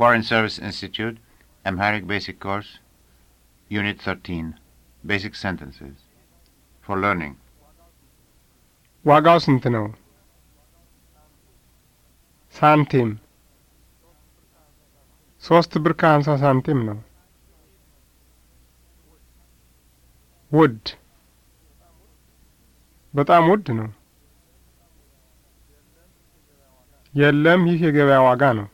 Foreign Service Institute, Amharic Basic Course, Unit 13, Basic Sentences, for learning. Wagosintano. Santim. Sost Burkansa Santimno. Wood. But I'm wood Yellem, you hear Wagano.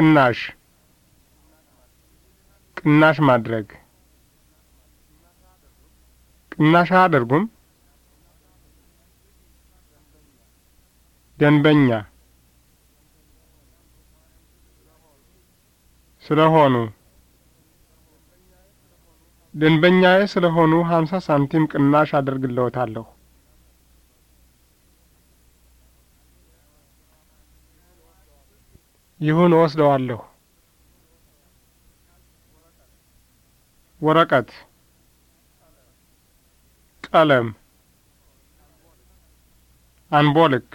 ቅናሽ ቅናሽ ማድረግ ቅናሽ አያደርጉም? ደንበኛ ስለሆኑ ደንበኛዬ ስለሆኑ ሀምሳ ሳንቲም ቅናሽ አደርግልዎታለሁ። ይሁን እወስደዋለሁ። ወረቀት፣ ቀለም፣ አንቦልክ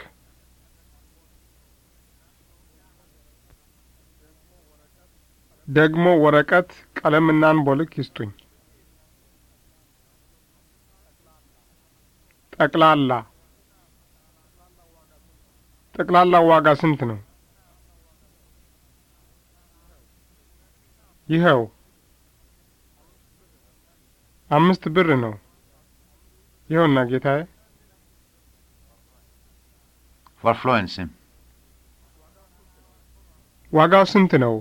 ደግሞ ወረቀት ቀለምና አንቦልክ ይስጡኝ። ጠቅላላ ጠቅላላ ዋጋ ስንት ነው? ይኸው አምስት ብር ነው። ይኸውና ጌታዬ። ቫርፍሎንስም ዋጋው ስንት ነው?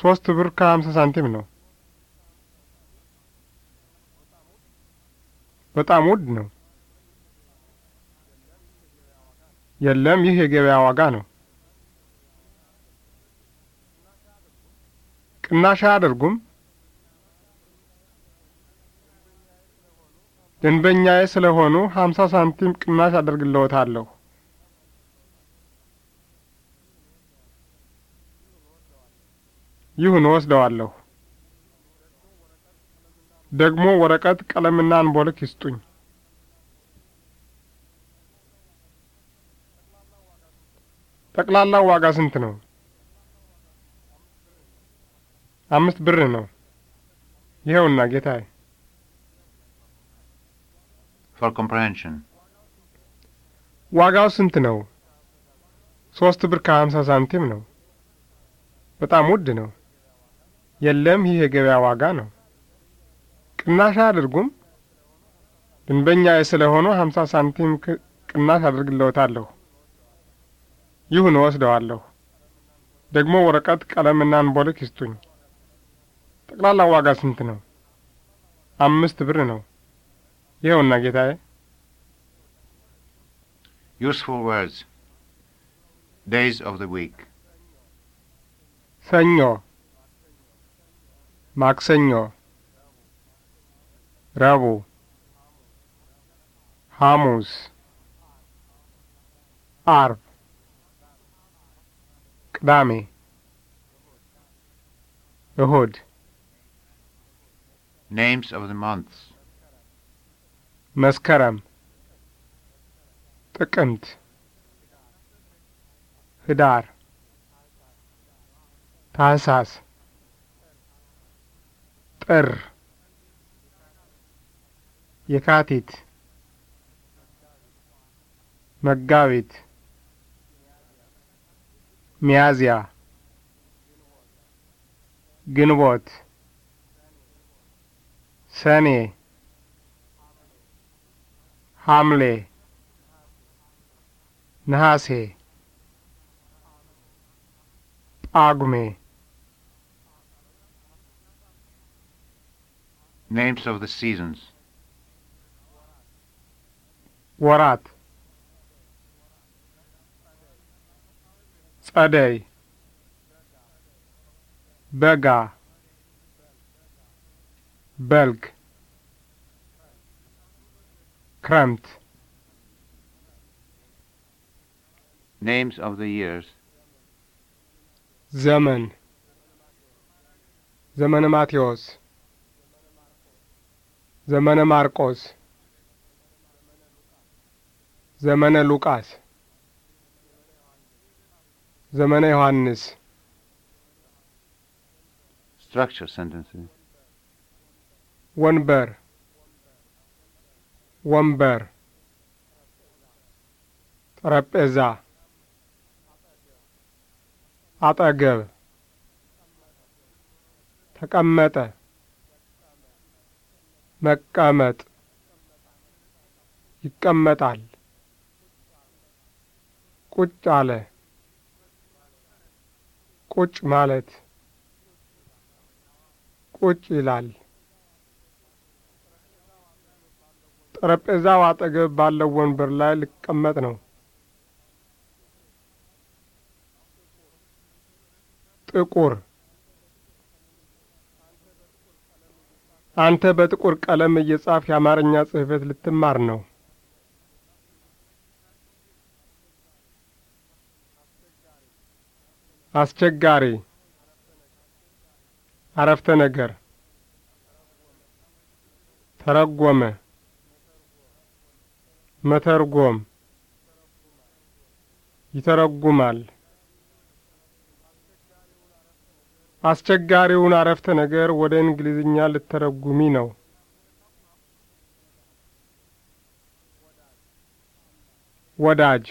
ሶስት ብር ከሀምሳ ሳንቲም ነው። በጣም ውድ ነው። የለም፣ ይህ የገበያ ዋጋ ነው። ቅናሽ አያደርጉም? ደንበኛዬ ስለሆኑ ሀምሳ ሳንቲም ቅናሽ አደርግልዎታለሁ። ይሁን ወስደዋለሁ። ደግሞ ወረቀት ቀለምና አንቦልክ ይስጡኝ። ጠቅላላው ዋጋ ስንት ነው? አምስት ብር ነው። ይኸውና ጌታዬ። for comprehension ዋጋው ስንት ነው? ሶስት ብር ከሀምሳ ሳንቲም ነው። በጣም ውድ ነው። የለም ይህ የገበያ ዋጋ ነው። ቅናሽ አድርጉም። ደንበኛዬ ስለሆኑ ሀምሳ ሳንቲም ቅናሽ አድርግለውታለሁ። ይሁን እወስደዋለሁ። ደግሞ ወረቀት፣ ቀለምና አንቦልክ ይስጡኝ። ጠቅላላ ዋጋ ስንት ነው? አምስት ብር ነው። ይኸውና ጌታዬ። Useful words. Days of the week. ሰኞ፣ ማክሰኞ፣ ረቡዕ፣ ሐሙስ፣ አርብ፣ ቅዳሜ፣ እሁድ Names of the months. Maskaram. Takant. Hidar. Tasas. Tur. Yakatit. Maggavit. Miazia. Ginwot. Ginwot. Sunny, Hamle, Nahasi, आग Names of the seasons. Warat. Saday. Bega belg Krant. Names of the years. Zaman. Zaman Matthios. Zaman Marcos. Zaman Lucas. Zaman Johannes. Structure sentences. ወንበር ወንበር ጠረጴዛ አጠገብ ተቀመጠ መቀመጥ ይቀመጣል ቁጭ አለ ቁጭ ማለት ቁጭ ይላል ጠረጴዛው አጠገብ ባለው ወንበር ላይ ልቀመጥ ነው። ጥቁር አንተ በጥቁር ቀለም እየጻፍ የአማርኛ ጽሕፈት ልትማር ነው። አስቸጋሪ አረፍተ ነገር ተረጎመ። መተርጎም ይተረጉማል። አስቸጋሪውን አረፍተ ነገር ወደ እንግሊዝኛ ልተረጉሚ ነው። ወዳጅ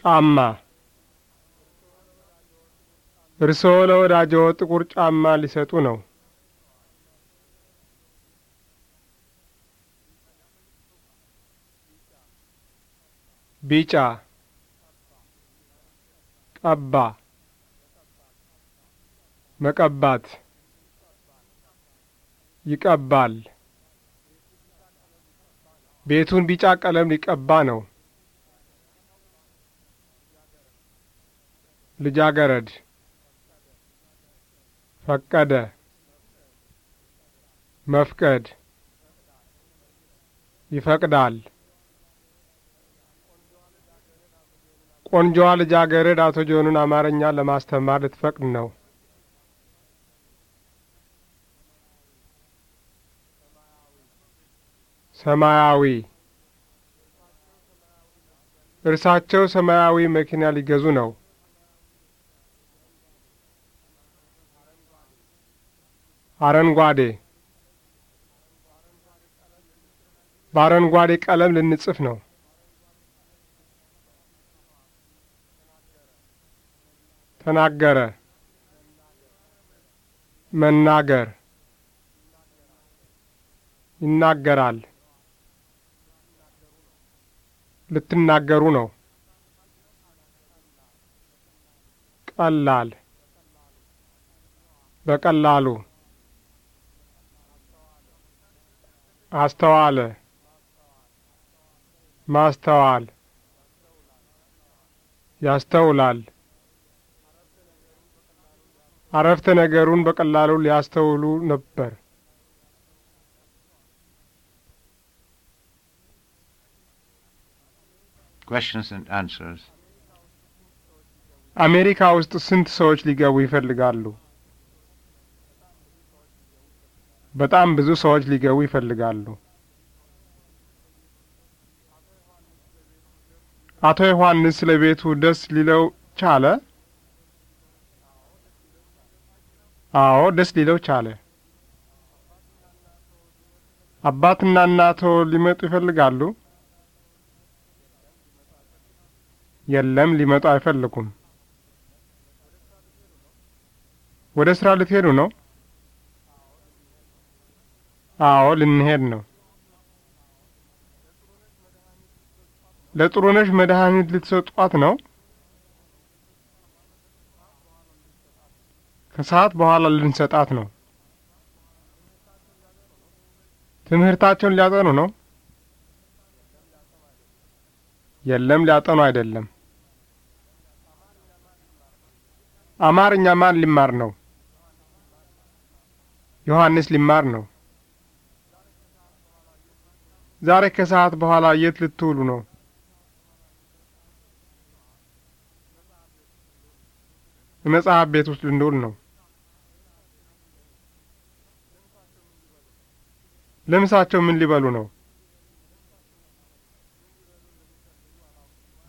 ጫማ። እርስዎ ለወዳጅዎ ጥቁር ጫማ ሊሰጡ ነው። ቢጫ ቀባ መቀባት ይቀባል ቤቱን ቢጫ ቀለም ሊቀባ ነው። ልጃገረድ ፈቀደ መፍቀድ ይፈቅዳል ቆንጆዋ ልጃገረድ አቶ ጆኑን አማርኛ ለማስተማር ልትፈቅድ ነው። ሰማያዊ እርሳቸው ሰማያዊ መኪና ሊገዙ ነው። አረንጓዴ በአረንጓዴ ቀለም ልንጽፍ ነው። ተናገረ መናገር ይናገራል ልትናገሩ ነው ቀላል በቀላሉ አስተዋለ ማስተዋል ያስተውላል አረፍተ ነገሩን በቀላሉ ሊያስተውሉ ነበር። አሜሪካ ውስጥ ስንት ሰዎች ሊገቡ ይፈልጋሉ? በጣም ብዙ ሰዎች ሊገቡ ይፈልጋሉ። አቶ ዮሐንስ ስለ ቤቱ ደስ ሊለው ቻለ? አዎ ደስ ሊለው ቻለ። አባትና እናቶ ሊመጡ ይፈልጋሉ? የለም ሊመጡ አይፈልጉም። ወደ ስራ ልትሄዱ ነው? አዎ ልንሄድ ነው። ለጥሩነሽ መድኃኒት ልትሰጧት ነው? ከሰዓት በኋላ ልንሰጣት ነው። ትምህርታቸውን ሊያጠኑ ነው? የለም፣ ሊያጠኑ አይደለም። አማርኛ ማን ሊማር ነው? ዮሐንስ ሊማር ነው። ዛሬ ከሰዓት በኋላ የት ልትውሉ ነው? በመጽሐፍ ቤት ውስጥ ልንውል ነው። ለምሳቸው ምን ሊበሉ ነው?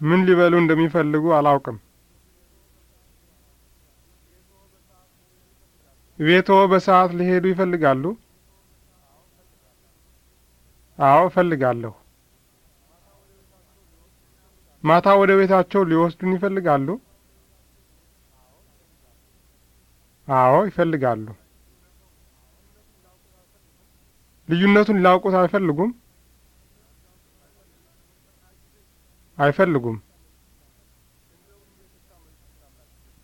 ምን ሊበሉ እንደሚፈልጉ አላውቅም። ቤትዎ በሰዓት ሊሄዱ ይፈልጋሉ? አዎ እፈልጋለሁ። ማታ ወደ ቤታቸው ሊወስዱን ይፈልጋሉ? አዎ ይፈልጋሉ። ልዩነቱን ሊያውቁት አይፈልጉም አይፈልጉም።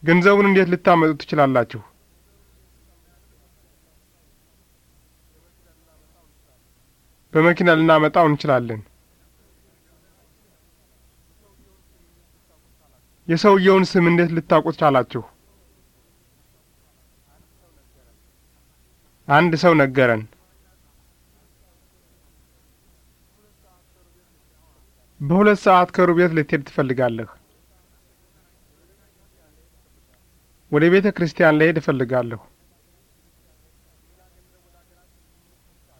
ገንዘቡን እንዴት ልታመጡ ትችላላችሁ? በመኪና ልናመጣው እንችላለን። የሰውየውን ስም እንዴት ልታውቁት ቻላችሁ? አንድ ሰው ነገረን። በሁለት ሰዓት ከሩብ የት ልትሄድ ትፈልጋለህ? ወደ ቤተ ክርስቲያን ልሄድ እፈልጋለሁ።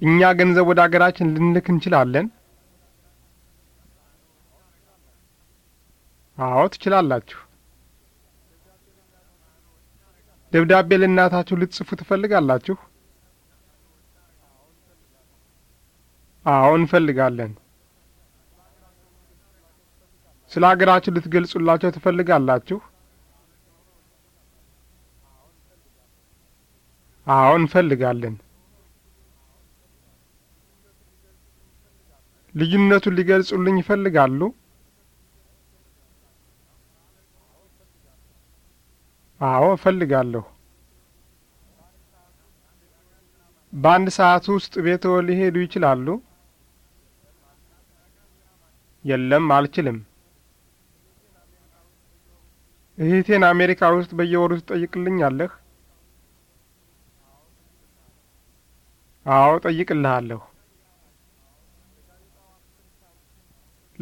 እኛ ገንዘብ ወደ አገራችን ልንልክ እንችላለን? አዎ ትችላላችሁ። ደብዳቤ ለእናታችሁ ልትጽፉ ትፈልጋላችሁ? አዎ እንፈልጋለን። ስለ አገራችን ልትገልጹላቸው ትፈልጋላችሁ? አዎ እንፈልጋለን። ልዩነቱን ሊገልጹልኝ ይፈልጋሉ? አዎ እፈልጋለሁ። በአንድ ሰዓት ውስጥ ቤትዎ ሊሄዱ ይችላሉ? የለም፣ አልችልም። እህቴን አሜሪካ ውስጥ በየወሩ ትጠይቅልኛለህ? አዎ ጠይቅልሃለሁ።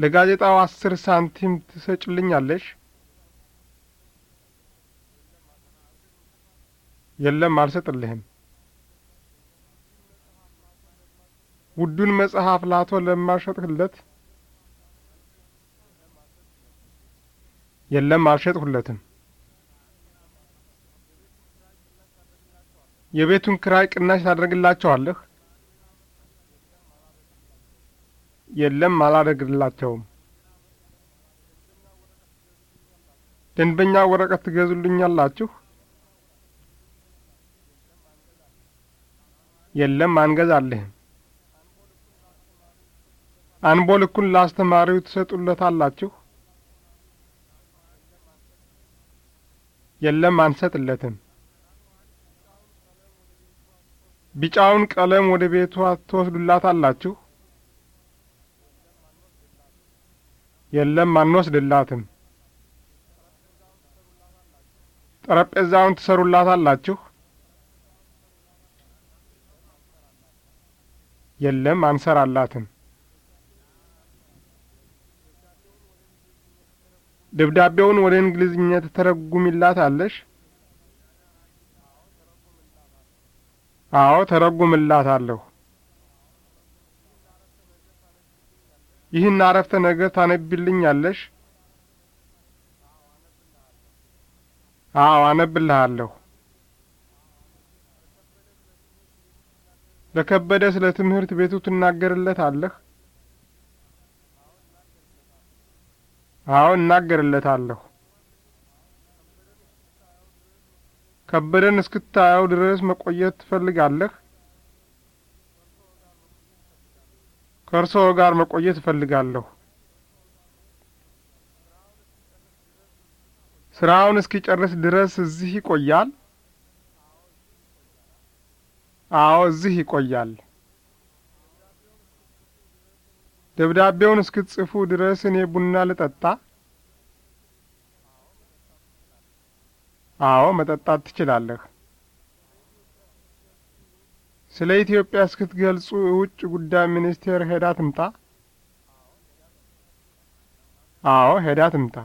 ለጋዜጣው አስር ሳንቲም ትሰጭልኛለሽ? የለም አልሰጥልህም። ውዱን መጽሐፍ ላቶ ለማሸጥህለት የለም አልሸጥሁለትም። የቤቱን ክራይ ቅናሽ ታደርግላቸዋለህ? የለም አላደርግላቸውም። ደንበኛ ወረቀት ትገዙልኛላችሁ? የለም አንገዛልህም። አንቦ ልኩን ላስተማሪው ትሰጡለታላችሁ? የለም አንሰጥለትም። ቢጫውን ቀለም ወደ ቤቷ ትወስዱላታላችሁ? የለም አንወስድላትም። ጠረጴዛውን ትሰሩላታላችሁ? የለም አንሰራላትም። ደብዳቤውን ወደ እንግሊዝኛ አለሽ? አዎ አለሁ። ይህን አረፍተ ነገር አለሽ? አዎ አነብልሃለሁ። ለከበደ ስለ ትምህርት ቤቱ አለህ አዎ እናገርለታለሁ። ከበደን እስክታየው ድረስ መቆየት ትፈልጋለህ? ከእርስዎ ጋር መቆየት እፈልጋለሁ። ስራውን እስኪጨርስ ድረስ እዚህ ይቆያል? አዎ፣ እዚህ ይቆያል። ደብዳቤውን እስክትጽፉ ድረስ እኔ ቡና ልጠጣ? አዎ፣ መጠጣት ትችላለህ። ስለ ኢትዮጵያ እስክትገልጹ ውጭ ጉዳይ ሚኒስቴር ሄዳ ትምጣ? አዎ፣ ሄዳ ትምጣ።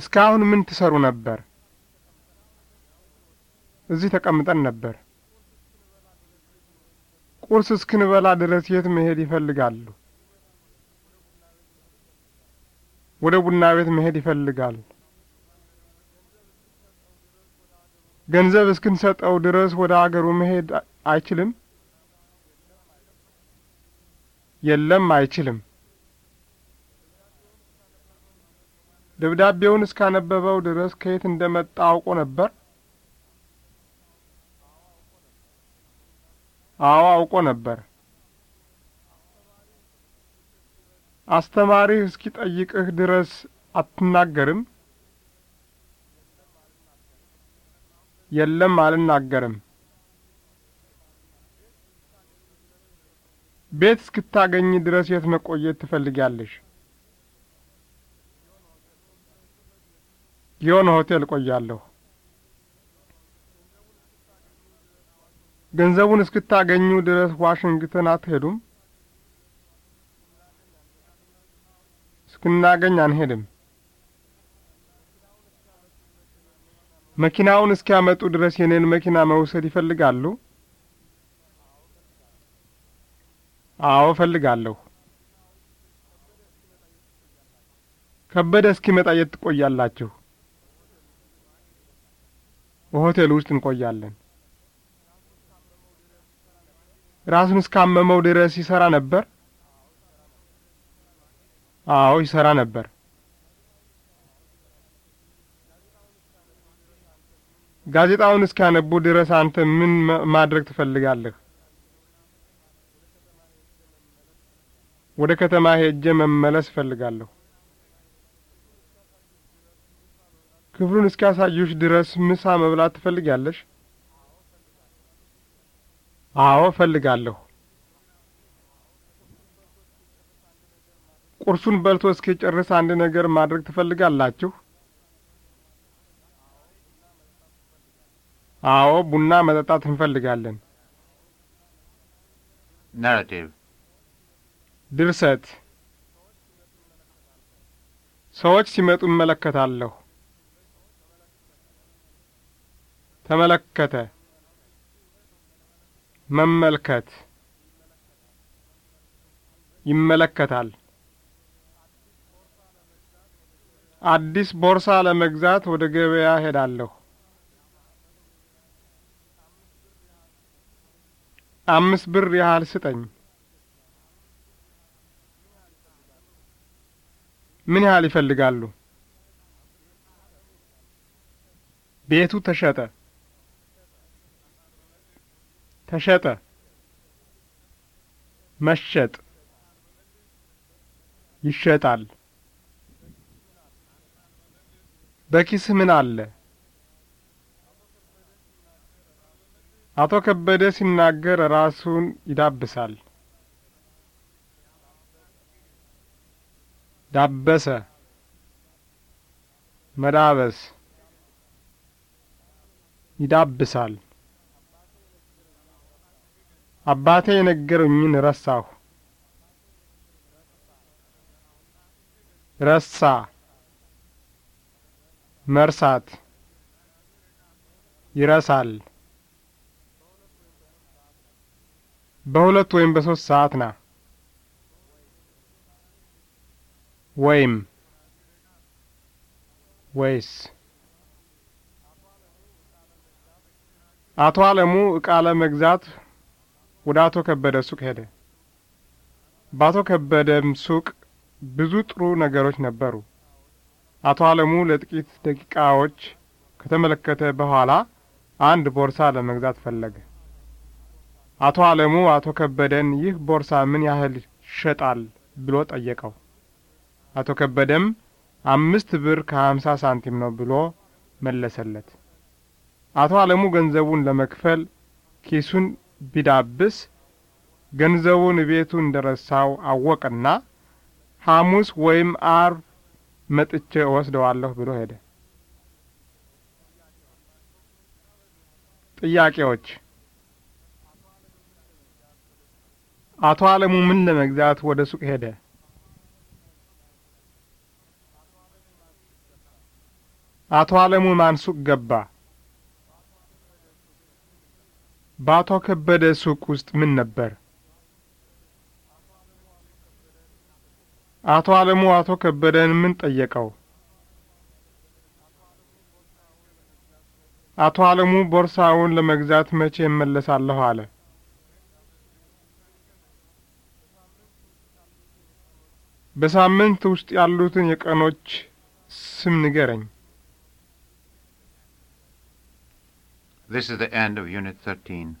እስካሁን ምን ትሰሩ ነበር? እዚህ ተቀምጠን ነበር። ቁርስ እስክንበላ ድረስ የት መሄድ ይፈልጋሉ? ወደ ቡና ቤት መሄድ ይፈልጋል። ገንዘብ እስክንሰጠው ድረስ ወደ አገሩ መሄድ አይችልም። የለም፣ አይችልም። ደብዳቤውን እስካነበበው ድረስ ከየት እንደመጣ አውቆ ነበር። አዎ አውቆ ነበር። አስተማሪህ ጠይቅህ ድረስ አትናገርም? የለም፣ አልናገርም። ቤት እስክታገኝ ድረስ የት መቆየት ትፈልጊያለሽ? ጊዮን ሆቴል እቆያለሁ። ገንዘቡን እስክታገኙ ድረስ ዋሽንግተን አትሄዱም? እስክናገኝ አንሄድም። መኪናውን እስኪያመጡ ድረስ የኔን መኪና መውሰድ ይፈልጋሉ? አዎ እፈልጋለሁ። ከበደ እስኪመጣ የት ትቆያላችሁ? ሆቴል ውስጥ እንቆያለን። ራሱን እስካመመው ድረስ ይሰራ ነበር? አዎ ይሰራ ነበር። ጋዜጣውን እስኪያነቡ ድረስ አንተ ምን ማድረግ ትፈልጋለህ? ወደ ከተማ ሄጄ መመለስ እፈልጋለሁ። ክፍሉን እስኪያሳዩሽ ድረስ ምሳ መብላት ትፈልጊያለሽ? አዎ እፈልጋለሁ። ቁርሱን በልቶ እስኪጨርስ አንድ ነገር ማድረግ ትፈልጋላችሁ? አዎ ቡና መጠጣት እንፈልጋለን። ናራቲቭ ድርሰት ሰዎች ሲመጡ እመለከታለሁ። ተመለከተ መመልከት ይመለከታል። አዲስ ቦርሳ ለመግዛት ወደ ገበያ ሄዳለሁ። አምስት ብር ያህል ስጠኝ። ምን ያህል ይፈልጋሉ? ቤቱ ተሸጠ። ተሸጠ መሸጥ ይሸጣል በኪስህ ምን አለ? አቶ ከበደ ሲናገር ራሱን ይዳብሳል። ዳበሰ፣ መዳበስ፣ ይዳብሳል። አባቴ የነገሩኝን ረሳሁ። ረሳ፣ መርሳት፣ ይረሳል። በሁለት ወይም በሶስት ሰዓት ና ወይም ወይስ አቶ አለሙ እቃ ለመግዛት ወደ አቶ ከበደ ሱቅ ሄደ። በአቶ ከበደም ሱቅ ብዙ ጥሩ ነገሮች ነበሩ። አቶ አለሙ ለጥቂት ደቂቃዎች ከተመለከተ በኋላ አንድ ቦርሳ ለመግዛት ፈለገ። አቶ አለሙ አቶ ከበደን ይህ ቦርሳ ምን ያህል ይሸጣል ብሎ ጠየቀው። አቶ ከበደም አምስት ብር ከሀምሳ ሳንቲም ነው ብሎ መለሰለት። አቶ አለሙ ገንዘቡን ለመክፈል ኪሱን ቢዳብስ ገንዘቡን ቤቱ እንደ ረሳው አወቀና ሐሙስ ወይም አርብ መጥቼ እወስደዋለሁ ብሎ ሄደ። ጥያቄዎች አቶ አለሙ ምን ለመግዛት ወደ ሱቅ ሄደ? አቶ አለሙ ማን ሱቅ ገባ? በአቶ ከበደ ሱቅ ውስጥ ምን ነበር? አቶ አለሙ አቶ ከበደን ምን ጠየቀው? አቶ አለሙ ቦርሳውን ለመግዛት መቼ እመለሳለሁ አለ። በሳምንት ውስጥ ያሉትን የቀኖች ስም ንገረኝ። This is the end of Unit 13.